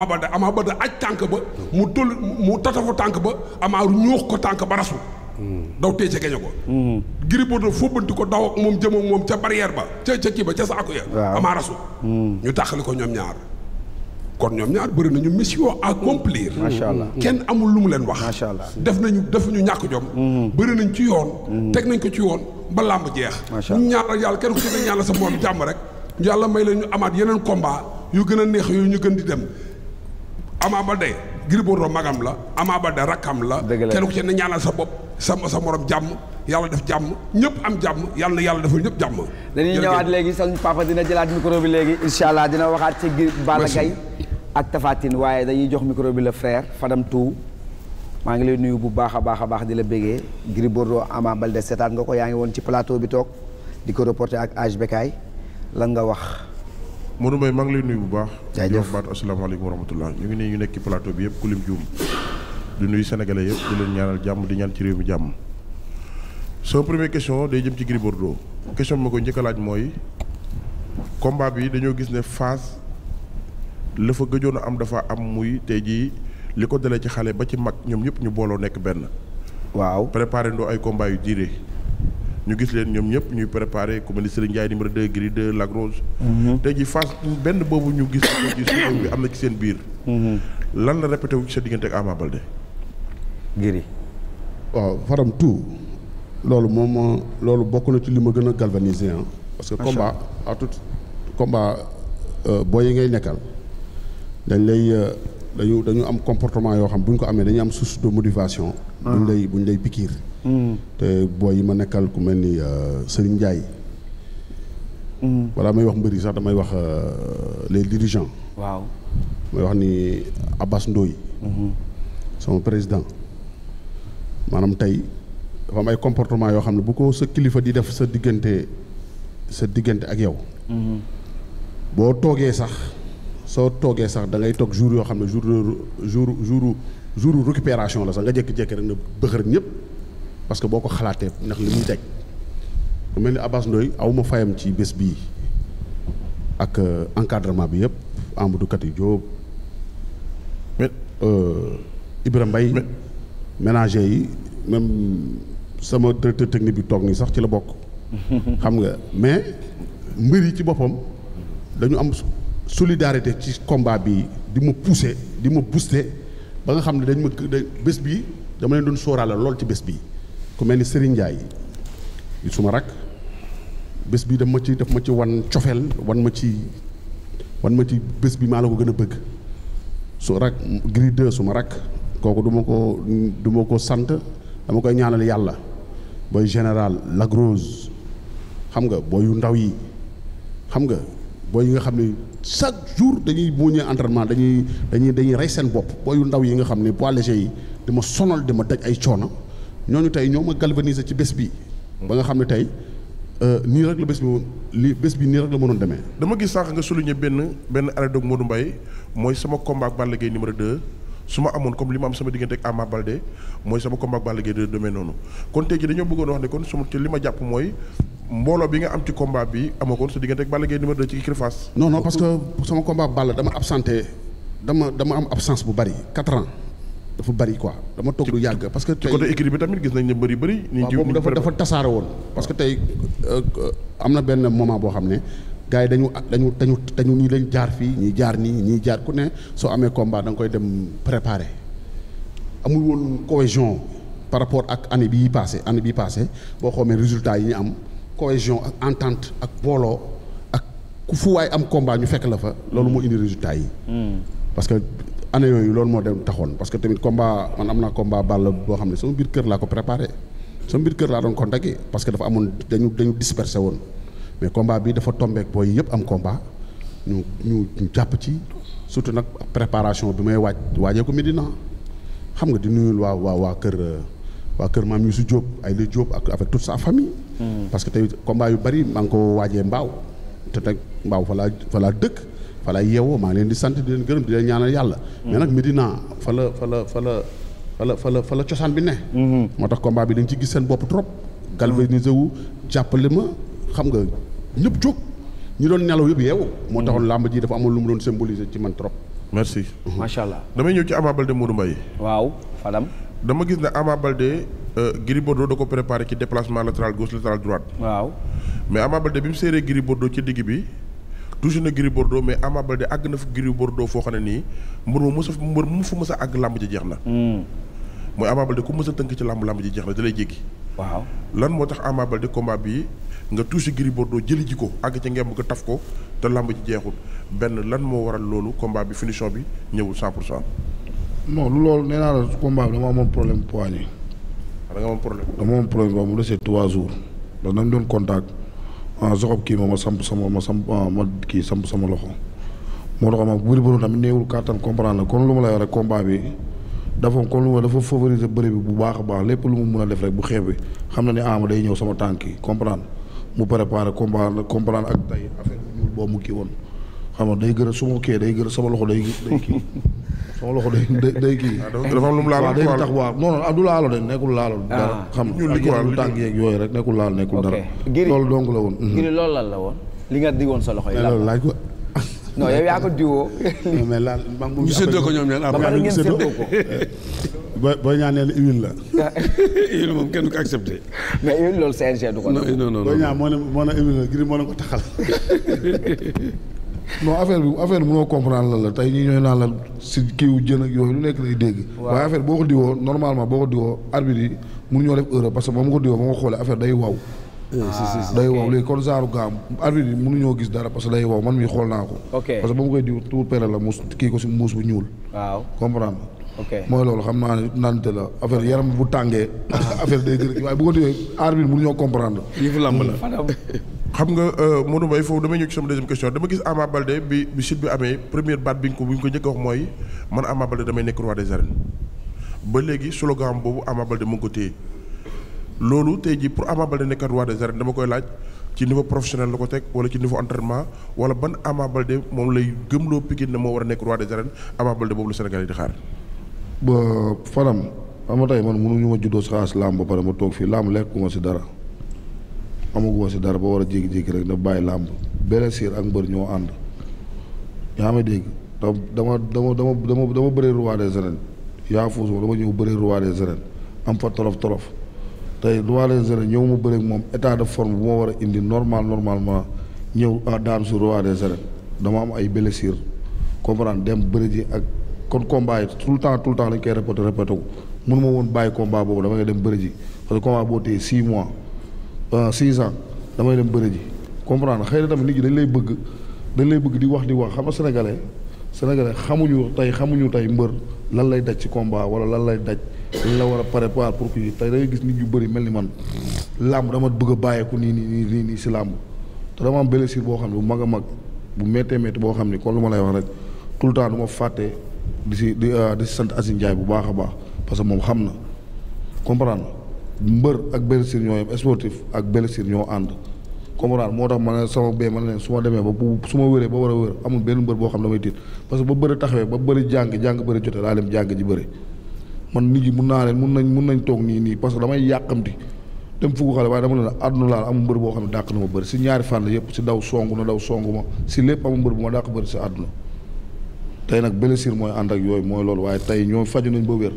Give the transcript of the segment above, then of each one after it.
Ama amaa ba Baldé aj tànk ba mu tul mu tatafu tànk ba amaaru ñuux ko tànk ba rasu daw tey ca gañe ko Gris Bordeaux fóbbanti ko daw moom jëm moom ca barrière ba ca ca ba ca saaku ya amaa rasu ñu tàqali ko ñoom ñaar kon ñoom ñaar bëri nañu mission à accomplir macha allah mm. kenn amul lu mu leen wax macha allah def nañu def ñu ñàkk jom mm. bëri nañ ci yoon mm. teg nañ ko ci yoon ba làmb jeex ñu ñaan ak yàlla kenn ku ci ne ñaan la sa moom jàmm rek yàlla may leen ñu amaat yeneen combat yu gën a neex yooyu ñu gën di dem Ama Baldé Gris Bordeaux magam la amaa ba Baldé rakkam la kenn ku ci ne ñaanal sa bopp sa sa morom jàmm yàlla def jàmm ñëpp am jàmm yàlla na yàlla defal ñëpp jàmm dañuy ñëwaat léegi sañ papa dina jëlaat micro bi léegi incha allah dina waxaat ci Gris Balla Gaye ak Tapha waaye dañuy jox micro bi le frère Fadam Tou maa ngi lay nuyu bu baax a baax a baax di la bégee Gris Bordeaux Ama Baldé seetaan nga ko yaa ngi woon ci plateau bi toog di ko reporté ak Aj Bécaye lan nga wax Modou Mbaye maa ngi lay nuyu bu baax. jaajëf di wax baatu asalaamaaleykum wa rahmatulah ñu ngi nii ñu nekk ci plateau bi yëpp ku lim juum di nuyu sénégalais yëpp di leen ñaanal jàmm di ñaan ci réew mi jàmm. sama première question day jëm ci Gris Bordeaux question bi ma ko njëkk a mooy combat bi dañoo gis ne phase la fa gëjoon a am dafa am muy tey jii li ko dalee ci xale ba ci mag ñoom ñëpp ñu booloo nekk benn. waaw préparé ndoo ay combat yu diire. ñu gis leen ñoom ñëpp ñuy préparé ku mel ni Serigne Ndiaye numéro 2 Gris 2 Lac Rose. Mm-hmm. tey jii face benn boobu ñu gis ko ci am na ci seen biir. Mm-hmm. lan la répété wu ci sa diggante ak Ama Baldé. Gris. waaw faram tout loolu moom loolu bokk na ci li ma gën a galvaniser ah. parce que combat à tout euh, boo yi ngay nekkal dañ lay euh, dañu dañu am comportement yoo xam bu ñu ko amee dañu am source de motivation. Ah. buñ lay buñ lay pikiir. Hmm. te booy yi ma nekkal ku mel ni euh, Serigne Ndiaye. wala hmm. may wax mbëri sax damay wax euh, les dirigeants. waaw may wax ni Abbas Ndoye. Hmm. sama président maanaam tey dafa am comportement yoo xam ne bu ko sa kilifa di def sa diggante sa diggante ak yow. boo toogee sax soo toogee sax da toog jour yoo xam ne jour jour jour jour récupération la sax nga jékki-jékki rek na bëxër ñëpp. parce que boo ko xalaatee ndax li muy daj ku mel ni Abbas aw ma fayam ci bés bii ak euh, encadrement bi yëpp Amadou Kati Diop euh, Ibra Mbaye ménager yi même sama directeur technique bi toog nii sax ci la bokk xam nga mais mbir yi ci boppam dañu am solidarité ci combat bi di ma pousser di ma booster ba nga xam ne dañ ma bés bii dama leen doon sóoraale lool ci bés bii ku mel ni Serigne Ndiaye di suma rak bés bi daf ma ci daf ma ci wan cofeel wan ma ci wan ma ci bés bi maa la ko gën a bëgg su rak Gris 2 suma rak kooku duma ko duma ko sant dama koy ñaanal yàlla booy général Lagrose xam nga booy yu ndaw yi xam nga booy yi nga xam ne chaque jour dañuy muñee entraînement dañuy dañuy dañuy rey seen bopp booy yu ndaw yi nga xam ne poids léger yi dama sonal dama daj ay coono. ñooñu tey ñoo ma galvaniser ci bés bi ba nga xam ne tey euh, nii rek la bés bi woon bés bi nii rek la mënoon demee. dama gis sànq nga souligner benn benn arrêt doog Modou Mbaye mooy sama combat ball Balla Gaye numéro su ma amoon comme li ma am sama diggante ak Ama Baldé mooy sama combat ak Balla Gaye 2 noonu kon tey jii dañoo bëggoon wax ne kon suma te li ma jàpp mooy mbooloo bi nga am ci combat bi amoo kon sa diggante ak Balla Gaye numéro 2 ci Kirfaas. non non parce que sama komba ak Balla dama absenté dama dama am absence bu bari 4 ans. dafa bari quoi dama toog lu yàgg parce que tey ci côté écrit bi tamit gis nañ ne bëri bëri. boobu dafa dafa woon. parce que tey euh, am na benn moment boo xam ne gars yi dañu dañu dañu dañu ñii leen jaar fii ñii jaar nii ñii jaar ku ne soo amee combat danga koy dem préparer amul woon cohésion par rapport ak année bii passé année bii passé boo xoolee résultat yi ñu am cohésion ak entente ak booloo ak ku fu waay am combat ñu fekk la fa loolu moo indi résultat yi. Hmm. parce année yooyu loolu moo dem taxoon parce que tamit combat man am naa combat Balla boo xam ne sama biir kër ko préparé sama biir kër laa doon contacté parce que dafa amoon dañu dañu woon mais combat bi dafa tombeek booy yëpp am combat ñu jàpp ci surtout nag préparation bi may waaj waajee ko Medina xam nga di nuyul waa waa kër waa kër maam Youssou Diop ay li ak avec toute sa famille. Hmm. parce que tey combat yu bari maa ngi ko waajee Mbaaw te nag Mbaaw fa laa fa laa dëkk. fa la yeewoo maa ngi leen di sant di leen gërëm di leen ñaanal yàlla. Mm-hmm. mais nag Medina fa la fa la fa la fa la fa la fa la cosaan bi ne. Mm-hmm. moo tax combat bi dañ ci gis seen bopp trop. galvaniser wu jàppale ma xam nga ñëpp jóg ñu doon nelaw yëpp yeewu. moo taxoon mm-hmm. làmb ji dafa amoon lu mu doon symboliser ci man trop. merci. macha allah damay ñëw ci Ama Baldé Modou Mbaye. waaw Fadam. dama gis ne Ama Baldé euh, Gris Bordeaux da ko préparé ci déplacement latéral gauche latéral droite. waaw mais Ama Baldé bi mu séeree Gris Bordeaux ci digg bi. touché na Gris Bordeaux mais Ama Baldé àgg na fi Gris Bordeaux foo xam ne nii mbër ma mos a mbër mu fu mos a àgg làmb ji jeex na. Hmm. mooy Ama Baldé ku mos tënk ci làmb làmb ji jeex na da lay jéggi. waaw lan moo tax Ama Baldé combat bi nga touché Gris Bordeaux jëli ji ko àgg ci ngemb ko taf ko te làmb ji jeexul benn lan moo waral loolu combat bi finition bi ñëwul 100 pour cent. non lu loolu nee naa la combat bi dama amoon problème poids nii. Ah, da nga amoon problème. dama amoon problème boobu mu desee trois jours. ndax nañ doon contact. soxob ah, kii moom ma samp sama ma samp ah, ma kii samp sama loxo moo tax ma bëri bëri tamit néewul kàttan comprendre la kon lu ma la rek combat bi dafa kon lu ma dafa favoriser bëri bu baax baax lépp lu mu mun a def rek bu xeeb bi xam na ne Ama day ñëw sama tànk yi comprendre mu préparé combat comprendre ak tey affaire bu ñuul boo mu kii woon xam nga day gën a su ma kii day gën sama loxo day day kii sama loxo day day kii. Ah, dafa am lu mu laal day tax waaw non non du laalo de nekkul laalo. Ah. dara xam nga yëngu tànk yooyu rek nekkul laal nekkul dara. loolu dong la woon. giri mhm. loolu la woon. li nga digoon sa loxo yi la laaj ko. non yow yaa ko diwoo. mais laal man mu. ñu ñaar après ñu la. huile moom kenn du ko accepté. mais huile loolu CNG du ko. non non non moo ne moo la giri moo ne ko taxal. no affaire bi affaire bi mënoo comprendre lan la tey ñi ñooy naan la si kiiw jën yooyu lu nekk lay dégg waaye affaire boo ko diwoo normalement boo ko diwoo arbitre yi mënu ñoo def erreur parce que ba ma ko diwoo ba ma ko xoolee eh, gis dara parce que day waaw xool naa ko parce que ba mu comprendre mooy loolu xam naa ne nante la affaire yaram bu bu ko diwee arbitre mënuñoo comprendre yëfu lamb la xam nga euh, Modou Mbaye foofu damay ñëw ci sama deuxième question dama gis Ama Baldé bi bi bi amee première baat bi ñu ko bu ñu ko njëkk wax mooy man Ama Baldé damay nekk roi des arènes ba léegi slogan boobu Ama Baldé mu ngi ko téye loolu tey jii pour Ama Baldé nekkat roi des arènes dama koy laaj ci niveau professionnel la ko teg wala ci niveau entraînement wala ban Ama Baldé moom lay gëmloo Pikine ne moo war a nekk roi des arènes Ama Baldé boobu la Sénégal yi di xaar. ba Fadam ama tey si dara. amaguma si dara a jékki-jékki rek da bàyyi làmb beneen siir ak mbër ñoo ànd yaa ma dégg dama dama dama dama dama bëree roi des am fa tolof tolof tey roi des arènes ñëw ma bëreeg moom état de forme bu ma war a indi normal ma ñëw ah, daam si roi des arènes dama am ay blessure comprendre dem bëri ji ak kon combat yi tout le temps dem bëri parce que combat boo téye mois. six ans damay dem bëre ji comprendre xëy na tamit nit ñi dañ lay bëgg dañ lay bëgg di wax di wax xam nga sénégalais sénégalais xamuñu tey xamuñu tey mbër lan lay daj ci combat wala lan lay daj lan la war a préparer pour que tey da gis nit yu bëri mel ni man làmb dama bëgg a bàyyeeku nii nii nii nii si làmb te dama am blessure boo xam ne bu mag a mag bu méttee métti boo xam ne kon lu ma lay wax rek tout le temps du ma fàtte di si di ah, di sant Asin Ndiaye bu baax a baax parce que moom xam na comprendre mbër ak blessure ñoo yem sportif ak blessure ñoo ànd comprendre moo tax ma ne sama bee ma ne su ma demee ba bu su ma wéree ba war a wér amul benn mbër boo xam damay tiit parce que ba bëri taxawee ba bëri jàng jàng bëri jotee laa dem jàng ji bëri man nit ñi mun naa leen mun nañ mun nañ toog nii nii parce que damay yàqamti dem fugu xale waaye dama leen àdduna laa amul mbër boo xam ne dàq na ma bëri si ñaari fànn yëpp si daw song na daw song ma si lépp amul mbër bu ma dàq bëri si àdduna tey nag ànd yooyu mooy loolu waaye tey ñoo faju nañ ba wér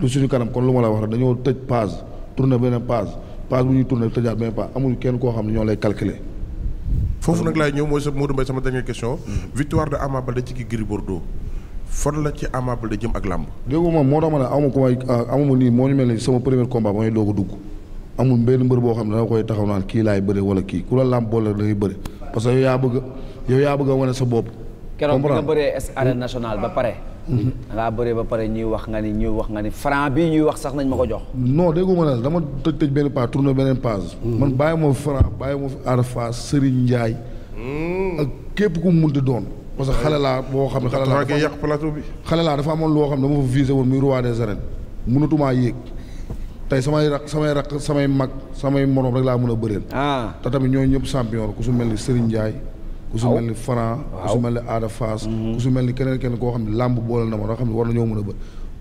lu suñu kanam kon lu ma la wax rek dañoo tëj page tourner benn page page bu ñuy tourner tëjaat benn page amul kenn koo xam ne ñoo lay calculer. foofu nag laay ñëw mooy sa Modou Mbaye sama dernière question. Hmm. victoire de Ama Baldé ci kii Gris la ci Ama Baldé jëm ak làmb. déggoo moo tax ma ne amu ko may ah, amu nii moo ñu mel ni sama premier combat ba may doog a dugg amul benn mbër boo xam ne danga koy taxaw naan kii laay bëre wala kii ku la làmb boole da ngay bëre parce yow yaa bëgg yow yaa bëgg a wane sa bopp. comprendre keroog bi nga bëree ba pare. dangaa mm-hmm. bëree ba pare ñuy wax nga ni ñuy wax nga ni franc bii ñuy wax sax nañ ma ko jox noo déggu ma ne dama tëj tëj benn page tourné beneen page mm-hmm. man bàyyi moo fi franc bàyyi moo fi Ada Fass Serigne Ndiaye mm. ak képp ku mun munti doon parce que xale laa boo xam ne xale laa dafa yàq plateau laa dafa amoon loo xam ne dama fa visé woon muy roi des arènes mënatumaa yéeg tey samay rak samay rak samay mag samay morom rek laa mun a bëreel ah. te tamit ñooñu ñëpp champion ku su mel ni Serigne ku su mel ni Franc ku su mel ni Ada Fass mhm. ku su mel ni keneen keneen koo xam ne làmb boole na ma loo xam ne war na ñoo mën a bë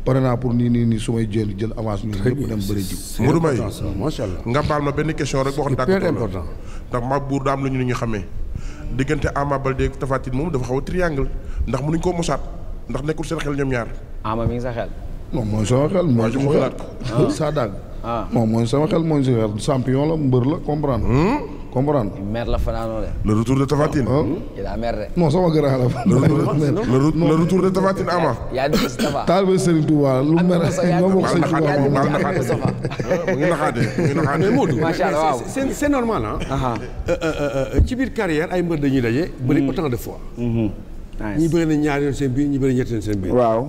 pare naa pour nii nii su may jël jël avance ñu nga baal ma benn question rek boo xam ndax maag buur daa am lu ñu ñu xamee diggante Ama Baldé ak Tapha Tine moom dafa xaw a triangle ndax mënuñ koo mosaat ndax nekkul seen xel ñoom ñaar Ama mi sa xel non mooy sama xel mooy ah. sama xel saa la mbër la comprendre comprendre mer la fanaanoo de. le retour de Tafatine. Ah, il a mer de. non sama gën a xalaat. le retour de Tafatine ama. yaa dugg si Tafa. taal ba Serigne Touba lu mer ñoo bokk Serigne Touba moom mu ngi naxaatee mu ngi naxaatee. mais Modou macha allah waaw c'est c'est normal ah, ah, ah. ci biir carrière ay mbër dañuy daje. bëri mm-hmm. autant de fois. Mm-hmm. ñi bëri na ñaari yoon seen biir ñi bëri ñetti yoon seen biir. waaw.